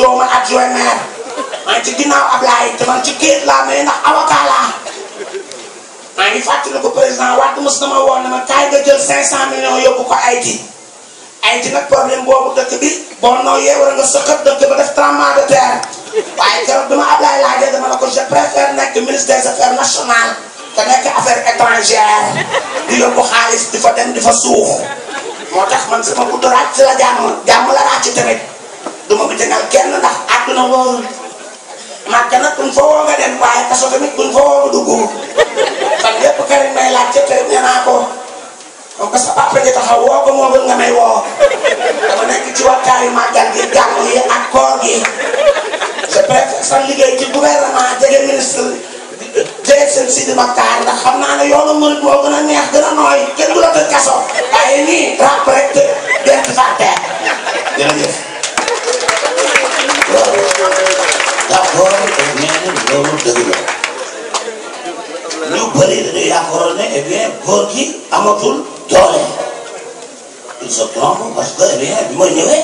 soo ma adjoint maire maa ngi ci ginnaaw Ablaye te man ci kayit laa mais ndax avocat laa maa ngi fàttali ko président Wade mos na ma woo ne ma kaay nga jël 500 millions yóbbu ko Haïti Haïti nag problème boobu dëkk bi boo nooyee war nga sëqat dëkk ba def tremblement de terre waaye keroog dama Ablaye laajee dama ne ko je préfère nekk ministre affaires nationales te nekk affaire étrangère di yóbbu xaalis di fa dem di fa suux moo tax man si la jàmm jàmm la ràcc du ma ko jàngal kenn ndax àdduna wóorul màgg nag buñ fa nga dem waaye kaso tamit buñ fa woo nga dugg fan yépp Karim may laaj ca kër nee naa ko comme que sa papa ji taxaw woo ko moo gën nga may woo dama nekk ci wattaayu màggal gi gàmm yi ak koor gi je préfère sa liggéey ci gouvernement jege ministre jege seen Sidi Maktar ndax xam naa yoonu murid moo gën neex gën a kenn du la kaso waaye nii ràpp rek te dent fàtte ଖୋଲିଦେଲେ ଏହା କରଣେ ଏବେ ଭୋରକି ଆମଠୁ ଧରେ ସତରଙ୍କୁ କଷ୍ଟ ଏବେ ବିମୟ ନେବେ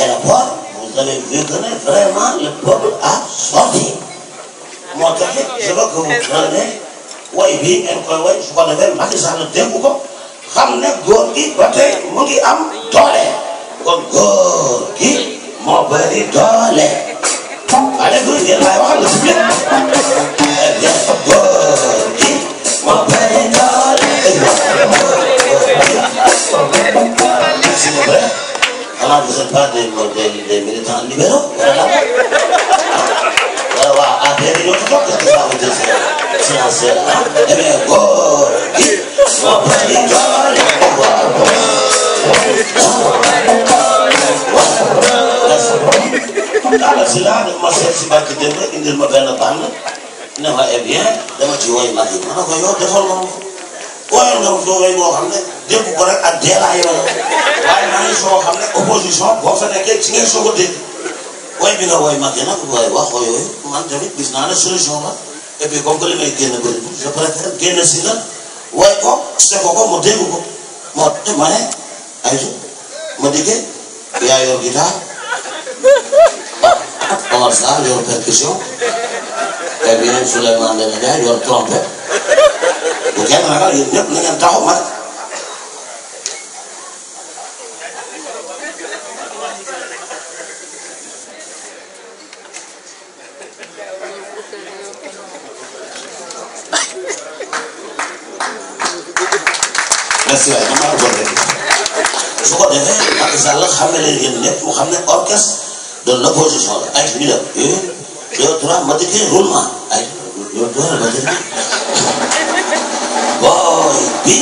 ଏରଫର ମୁସଲେ ବିକନେ ଫରେମା ଲେପବ ଆ ସଧି ମତକେ ସେବକ ଖୋଲନେ वही भी एम को वही सुबह लेवल बाकी सालों देखो को हमने गोर की बटे मुंगी हम डोले और गोर की मोबरी डोले अरे गुरु ये लाया वहाँ Alors vous n'êtes pas des, des, des militants libéraux, inama ebien dama ci woy mag yi ma ne ko yow defal ma woyal nga doo woy boo xam ne dégg ko rek ak dee laa yow waaye maa ngi soo xam ne opposition boo fa nekkee ci ngeen soog a dégg woy bi nga woy mag yi nag waaye waxoo yooyu man tamit gis naa ne solution la et puis comme que li may génn bëri je préfère génn si la woy ko seko ko mu dégg ko moo te ma ne ay ma diggee yaa yor guitare Omar Sarr yor percussion kabinet Sulaiman dan Indah your kelompok, bukan mereka diundang dengan tahu mat Nasihat, nama boleh. Suka deh, tak salah kami net, kami orkes dan lebih sesuatu. Ayo, bilang, eh, यो थोड़ा मदके रूल मा आई यो थोड़ा मदके बॉय बी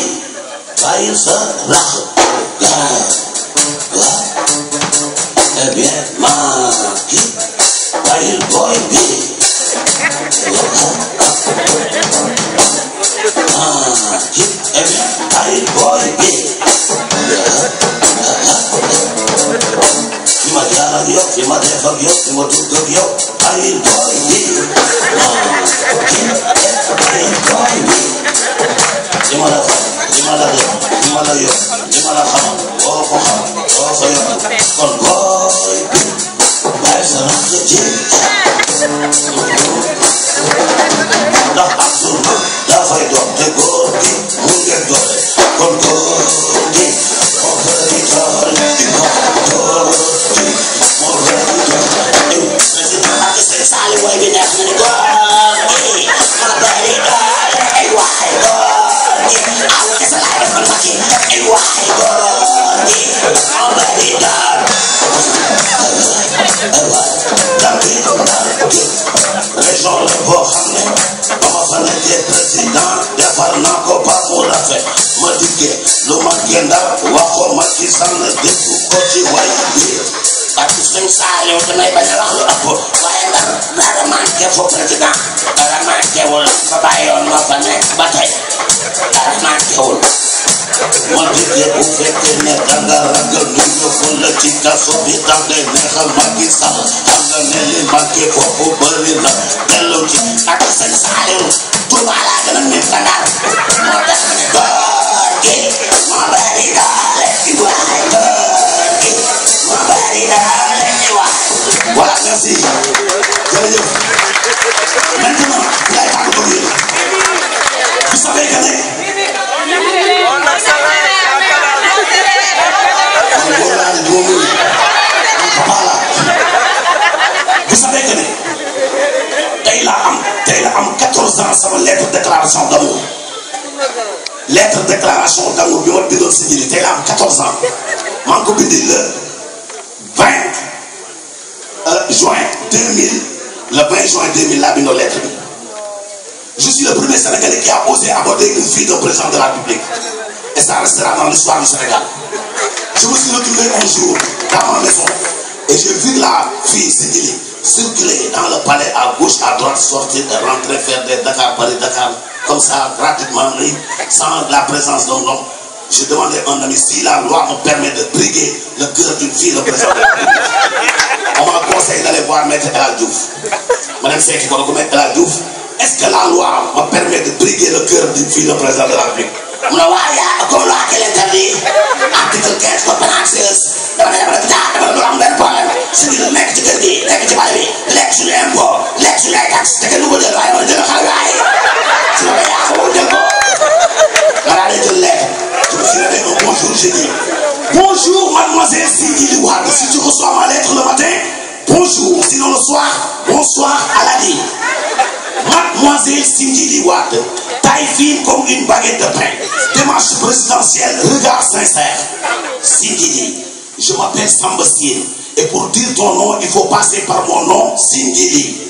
चाहिए sir रख Bien, man, keep, while boy, be. Dios, tengo tu Dios, ay, Dios. president Yaparnako Bakurate, Madike, Lumagenda, Wako Makisan, Deku Kochi, Waiye. Tapi sing sayo tenai banyak lalu aku Wajar Nara mangke fo president Nara mangke wul Kebayon wapane Batai Nara mangke wul Madike ufete ne Gangga ragu full chitta subita de nehal makisa alla nele makke kopu barina tello ci ak sen sahel tuba 14 ans va. lettre déclaration d'amour lettre déclaration d'amour bi de bindoon si 14 ans le 20 euh, juin 2000 le 20 juin 2000 là, lettre je suis le premier Sénégalais qui a osé aborder une fille de président de la République et ça restera dans l'histoire du Sénégal je me suis retrouvé un jour dans ma maison et j'ai vu la fille Sédhilie circuler dans le palais à gauche, à droite, sortir et rentrer, faire des Dakar, Paris, Dakar, comme ça, gratuitement, sans la présence d'un homme. Je demandais à un ami si la loi me permet de briguer le cœur d'une fille, le président de On m'a conseillé d'aller voir Maître El Diouf. Madame Seki, quand on El Diouf, est-ce que la loi me permet de briguer le cœur d'une fille, le président de la République On comme loi qui interdite article 15 le président je bonjour mademoiselle Cindy Louane si tu reçois ma lettre le matin bonjour sinon le soir bonsoir à la vie mademoiselle Cindy Louane taille fine comme une baguette de pain démarche présidentielle regard sincère Sidi je m'appelle Sambastien. Et pour dire ton nom, il faut passer par mon nom, Singili.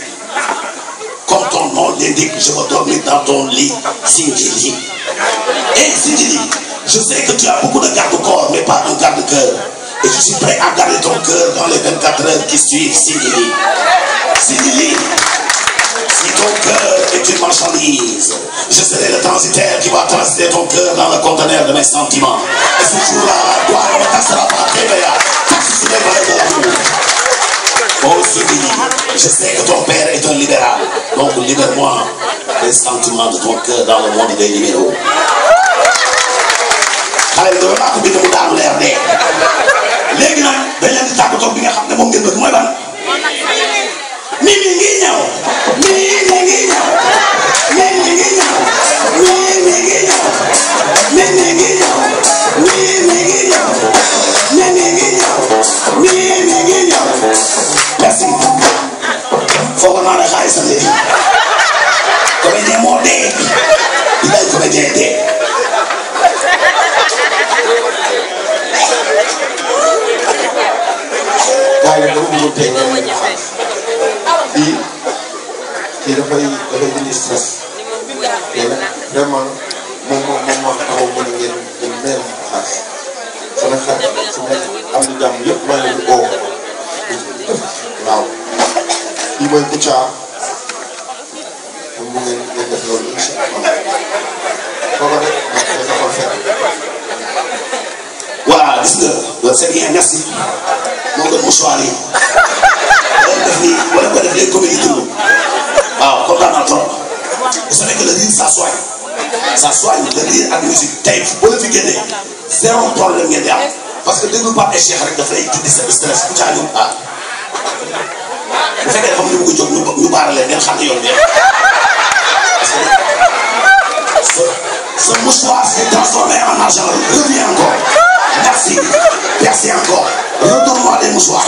Comme ton nom l'indique, je vais dormir dans ton lit, Singili. Hé, eh, Singili, je sais que tu as beaucoup de garde-corps, mais pas un garde-cœur. Et je suis prêt à garder ton cœur dans les 24 heures qui suivent, Cindy Singili, ton cœur est une marchandise. Je serai le transitaire qui va transiter ton cœur dans le conteneur de mes sentiments. Et ce jour-là, la gloire ne taxera pas TVA, taxe Tu les valeurs de Oh, dit, je sais que ton père est un libéral. Donc, libère-moi les sentiments de ton cœur dans le monde des libéraux. Allez, bi la laa de bind mu l'air leer dee léegi nag bi nga mi niño, mi niño, mi niño, mi niño, mi niño, mi niño, mi niño, mi niño. Merci. Faut qu'on arrête ça, c'est dit. não vou ter, للدخول إن شاء الله فقط نتدخل فيه وقع بسبب لو سامي عن نفسي ممكن مش عليه ولا تفليل ولا تفليل كوميدي كله اه كل ده نطلع بس انا كده دي ساسواي ساسواي ده دي اميوزيك تايب ولا في كده زيرو بروبلم يا ده باسكو دي بقى الشيخ حضرتك ده فريق كده سبسترس مش عليهم اه bu fekkee dafa am lu bëgg a jóg ñu baarale ngeen xam ne yoon bi Ce, mouchoir s'est transformé en argent. Reviens encore. Merci. Merci encore. Retourne-moi des mouchoirs.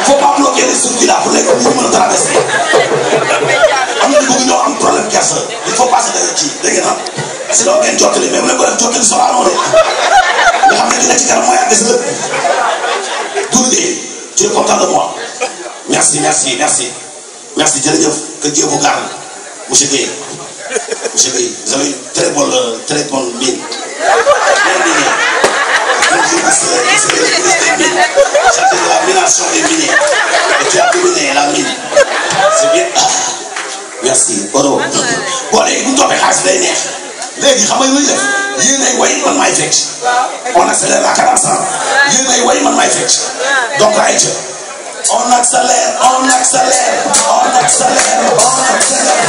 Il ne faut pas bloquer les circuits là pour les pour me traverser. un problème il faut ne faut pas se moi, ak tu es content de moi. merci merci merci merci que Dieu vous garde. Monsieur Gueye monsieur Gueye vous avez très bonne euh, très bonne mine. la mination des miniers. Et tu as dominé la mine. C'est bien. Ah, merci Odo. boo léegi bu ñu toppee xaalis day neex léegi xam nga lu ñuy def yéen ay way man maay fecc la cadence on accélère, on accélère, on accélère, on accélère.